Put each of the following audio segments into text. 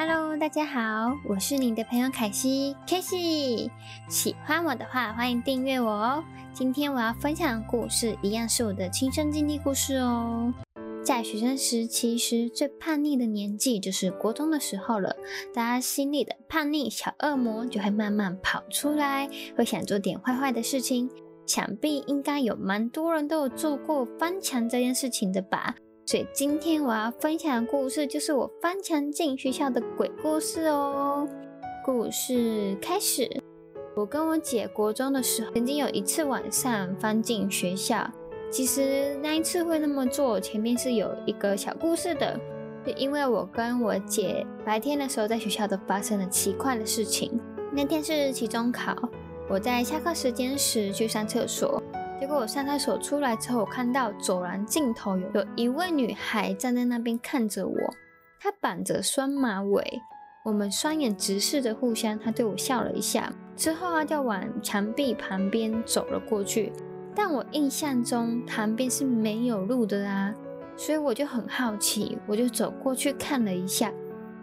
Hello，大家好，我是你的朋友凱西。凱西，喜歡我的話，歡迎訂閱我哦。今天我要分享的故事，一樣是我的親身經歷故事哦。在學生時期時，其實最叛逆的年紀就是國中的時候了。大家心裡的叛逆小惡魔就會慢慢跑出來，會想做點壞壞的事情。想必應該有蠻多人都有做過翻牆這件事情的吧。所以今天我要分享的故事就是我翻牆進學校的鬼故事哦。故事開始，我跟我姐國中的時候，曾經有一次晚上翻進學校。其實那一次會那麼做，前面是有一個小故事的，就因為我跟我姐白天的時候在學校都發生了奇怪的事情。那天是期中考，我在下課時間時去上廁所。結果我上廁手出來之後，我看到走廊盡頭有有一位女孩站在那邊看着我，她綁着雙馬尾，我們雙眼直視着互相，她對我笑了一下之後、啊，她就往牆壁旁邊走了過去。但我印象中旁邊是沒有路的啦、啊，所以我就很好奇，我就走過去看了一下，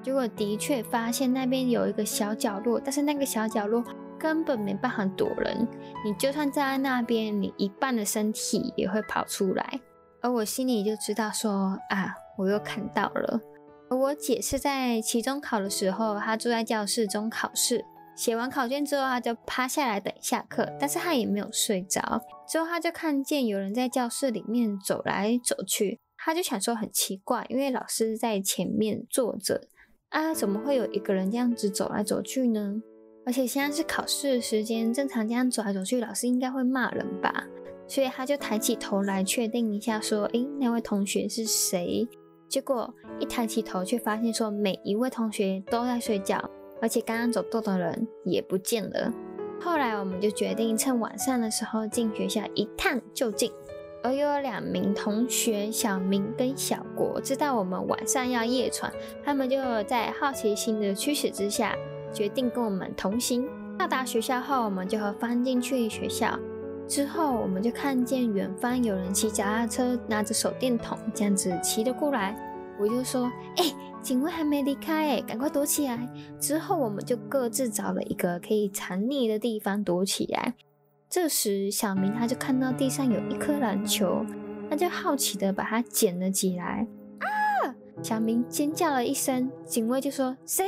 結果的確發現那邊有一個小角落，但是那個小角落。根本沒辦法躲人，你就算站在那邊，你一半的身體也會跑出來。而我心裡就知道說啊，我又看到了。而我姐是在期中考的時候，她住在教室中考試，寫完考卷之後，她就趴下來等下課，但是她也沒有睡着。之後她就看見有人在教室裡面走來走去，她就想說很奇怪，因為老師在前面坐着啊，怎麼會有一個人這樣子走來走去呢？而且現在是考試時間，正常這樣走來走去，老師應該會罵人吧？所以他就抬起頭來確定一下，說：“哎，那位同學是誰？”結果一抬起頭，卻發現說每一位同學都在睡覺，而且剛剛走動的人也不見了。後來我們就決定趁晚上的時候進學校一探究竟。而又有兩名同學，小明跟小國知道我們晚上要夜闖，他們就在好奇心的驅使之下。決定跟我們同行。到達學校後，我們就和翻進去學校。之後，我們就看見遠方有人騎腳踏車，拿着手電筒，這樣子騎了過來。我就說：“哎、欸，警衛還沒離開欸，趕快躲起來。”之後，我們就各自找了一個可以藏匿的地方躲起來。這時，小明他就看到地上有一顆籃球，他就好奇的把它撿了起來。啊！小明尖叫了一聲。警衛就說：“誰？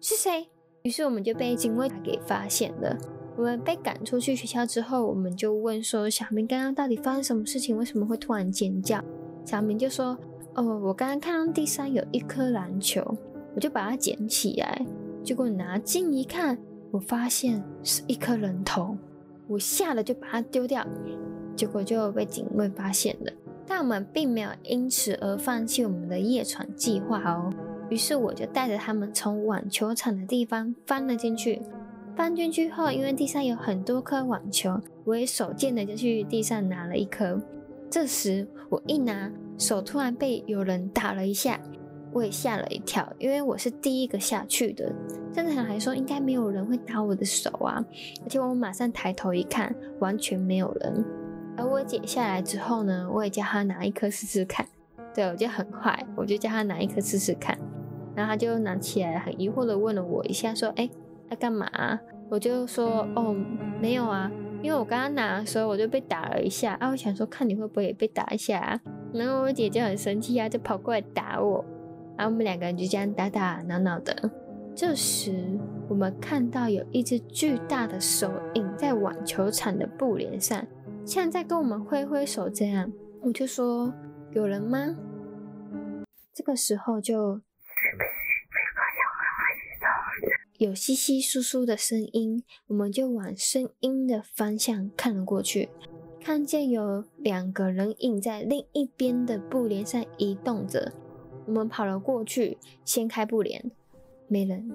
是誰？”於是我們就被警衛給發現了。我們被趕出去學校之後，我們就問說：“小明剛剛到底發生什麼事情？為什麼會突然尖叫？”小明就說：“哦，我剛剛看到地上有一顆籃球，我就把它撿起來，結果拿近一看，我發現是一顆人頭，我嚇了就把它丟掉，結果就被警衛發現了。但我們並沒有因此而放棄我們的夜闖計劃哦。”於是我就帶着他們從網球場的地方翻了進去。翻進去後，因為地上有很多顆網球，我也手賤的就去地上拿了一顆。這時我一拿，手突然被有人打了一下，我也嚇了一跳，因為我是第一個下去的，正常來說應該沒有人會打我的手啊。而且我馬上抬頭一看，完全沒有人。而我撿下來之後呢，我也叫他拿一顆試試看。對，我就很快，我就叫他拿一顆試試看。然後他就拿起來，很疑惑的問了我一下，說：“哎，他幹嘛啊？”我就說：“哦，沒有啊，因為我剛剛拿的時候我就被打了一下啊。”我想說，看你會不會也被打一下啊？然後我姐姐很生氣啊，就跑過來打我。然後我們兩個人就這樣打打鬧鬧的。這時，我們看到有一隻巨大的手影在網球場的布簾上，像在跟我們揮揮手這樣。我就說：“有人嗎？”這個時候就，有窸窸窣窣的聲音，我們就往聲音的方向看了過去，看見有兩個人影在另一邊的布簾上移動着。我們跑了過去，掀開布簾，沒人。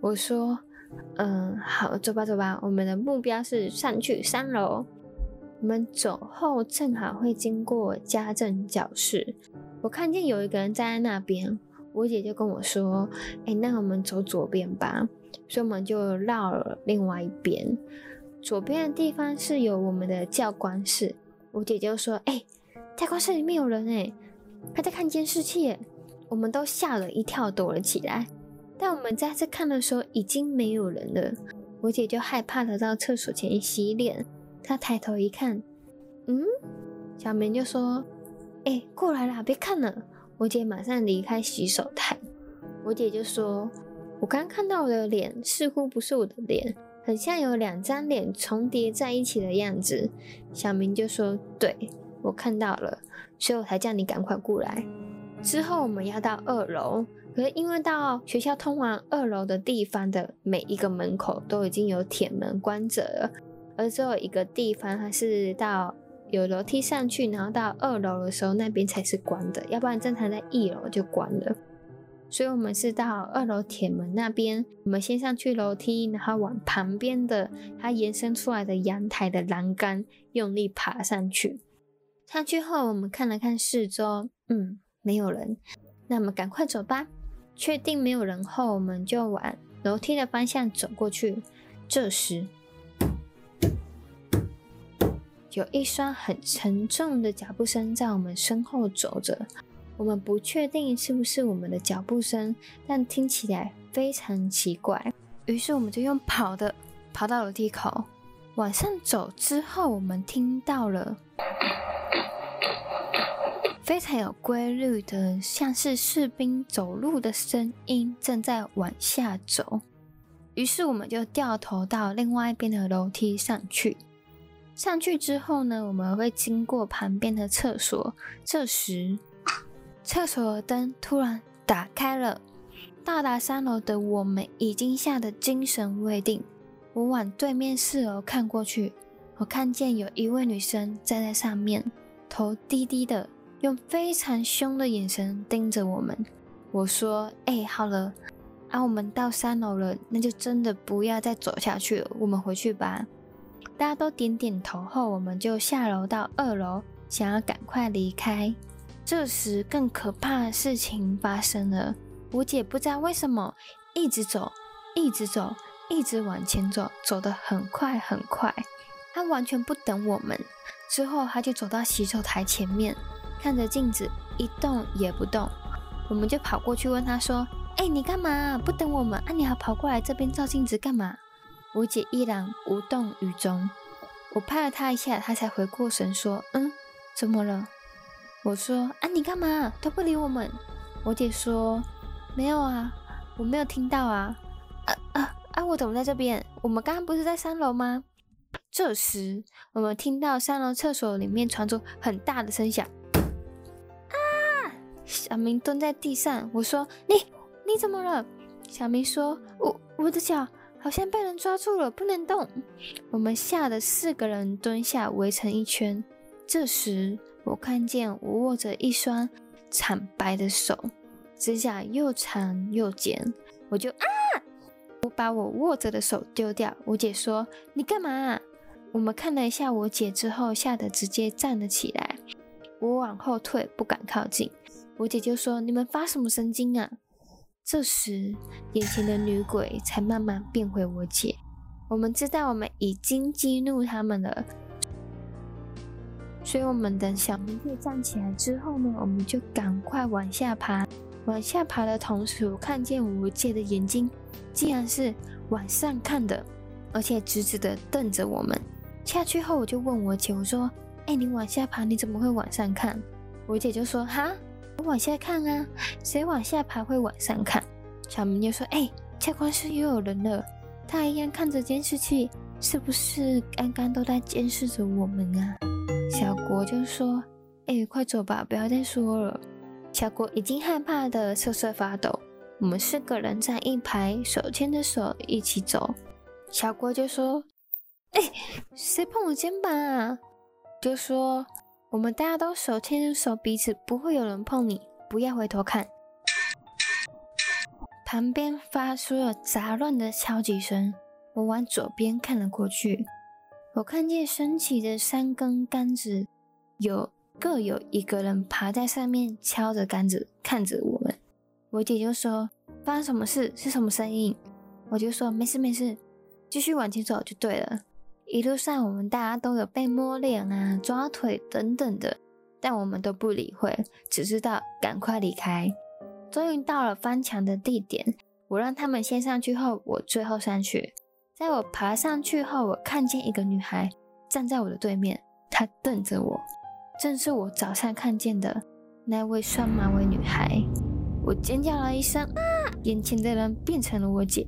我說：“嗯、呃，好，走吧，走吧。我們的目標是上去三樓。我們走後正好會經過家政教室，我看見有一個人站在那邊。”我姐就跟我說：“欸，那我們走左邊吧。”所以我們就繞了另外一邊。左邊的地方是有我們的教官室。我姐就說：“欸，教官室裡面有人欸，他在看監視器欸！”我們都嚇了一跳，躲了起來。但我們再次看的時候，已經沒有人了。我姐就害怕的到廁所前洗臉。她抬頭一看，嗯，小明就說：“欸，過來了，別看了。”我姐馬上離開洗手台，我姐就說：“我剛看到我的臉，似乎不是我的臉，很像有兩張臉重疊在一起的樣子。”小明就說：“對，我看到了，所以我才叫你趕快過來。”之後我們要到二樓，可是因為到學校通往二樓的地方的每一個門口都已經有鐵門關着了，而只有一個地方還是到。有樓梯上去，然後到二樓的時候，那邊才是關的，要不然正常在一樓就關了。所以我們是到二樓鐵門那邊，我們先上去樓梯，然後往旁邊的它延伸出來的陽台的欄杆用力爬上去。上去後，我們看了看四周，嗯，沒有人，那麼趕快走吧。確定沒有人後，我們就往樓梯的方向走過去。這時。有一雙很沉重的腳步聲在我們身後走着，我們不確定是不是我們的腳步聲，但聽起來非常奇怪。於是我們就用跑的跑到樓梯口，往上走之後，我們聽到了非常有規律的，像是士兵走路的聲音，正在往下走。於是我們就掉頭到另外一邊的樓梯上去。上去之後呢，我們會經過旁邊的廁所。這時，廁所的燈突然打開了。到達三樓的我們已經嚇得精神未定。我往對面四樓看過去，我看見有一位女生站在上面，頭低低的，用非常兇的眼神盯着我們。我說：“哎、欸，好了，啊，我們到三樓了，那就真的不要再走下去了，我們回去吧。”大家都點點頭後，我們就下樓到二樓，想要趕快離開。這時，更可怕的事情發生了。我姐不知道為什麼，一直走，一直走，一直往前走，走得很快很快。她完全不等我們。之後，她就走到洗手台前面，看着鏡子，一動也不動。我們就跑過去問她說：“哎，你幹嘛不等我們？啊，你還跑過來這邊照鏡子幹嘛？”我姐依然無動於衷，我拍了她一下，她才回過神說：“嗯，怎麼了？”我說：“啊，你幹嘛？都不理我們。”我姐說：“沒有啊，我沒有聽到啊。啊”“啊啊啊！我怎麼在這邊？我們剛剛不是在三樓嗎？”這時，我們聽到三樓廁所裡面傳出很大的聲響。啊！小明蹲在地上，我說：“你你怎麼了？”小明說：“我我的腳。”好像被人抓住了，不能動。我們嚇得四個人蹲下，圍成一圈。這時，我看見我握着一雙慘白的手，指甲又長又尖，我就啊！我把我握着的手丟掉。我姐說：“你幹嘛啊？”我們看了一下我姐之後，嚇得直接站了起來。我往後退，不敢靠近。我姐就說：“你們發什麼神經啊？”這時，眼前的女鬼才慢慢變回我姐。我們知道我們已經激怒他們了，所以我們等小明姐站起來之後呢，我們就趕快往下爬。往下爬的同時，我看見我姐的眼睛竟然是往上看的，而且直直的瞪着我們。下去後，我就問我姐，我說：“哎，你往下爬，你怎麼會往上看？”我姐就說：“哈。”往下看啊，誰往下爬會往上看。小明就說：“哎、欸，教官室又有人了。”他一樣看着監視器，是不是剛剛都在監視着我們啊？小國就說：“哎、欸，快走吧，不要再說了。”小國已經害怕得瑟瑟發抖。我們四個人站一排，手牽着手一起走。小國就說：“哎、欸，誰碰我肩膀啊？”就說。我們大家都手牽着手，彼此不會有人碰你。不要回頭看。旁邊發出了雜亂的敲擊聲，我往左邊看了過去，我看見升起的三根杆子，有各有一個人爬在上面敲着杆子，看着我們。我姐就說：“發生什麼事？是什麼聲音？”我就說：“沒事沒事，繼續往前走就對了。”一路上，我們大家都有被摸臉啊、抓腿等等的，但我們都不理會，只知道趕快離開。終於到了翻牆的地點，我讓他們先上去後，後我最後上去。在我爬上去後，我看見一個女孩站在我的對面，她瞪着我，正是我早上看見的那位雙馬尾女孩。我尖叫了一聲啊！眼前的人變成了我姐，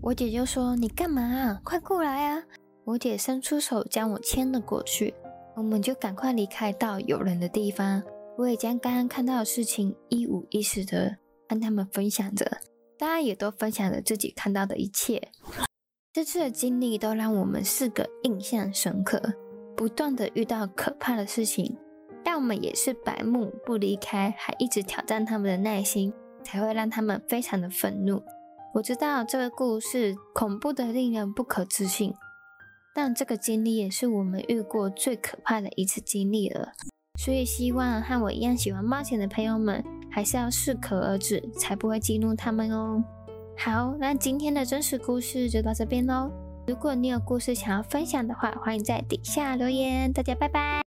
我姐就說：“你幹嘛？快過來啊！”我姐伸出手將我牽了過去，我們就趕快離開到有人的地方。我也將剛剛看到的事情一五一十的跟他們分享着，大家也都分享着自己看到的一切。這次的經歷都讓我們四個印象深刻，不斷的遇到可怕的事情，但我們也是白目不離開，還一直挑戰他們的耐心，才會讓他們非常的憤怒。我知道這個故事恐怖的令人不可置信。但這個經歷也是我們遇過最可怕的一次經歷了，所以希望和我一樣喜歡冒險的朋友們還是要適可而止，才不會激怒他們哦。好，那今天的真實故事就到這邊嘍。如果你有故事想要分享的話，歡迎在底下留言。大家拜拜。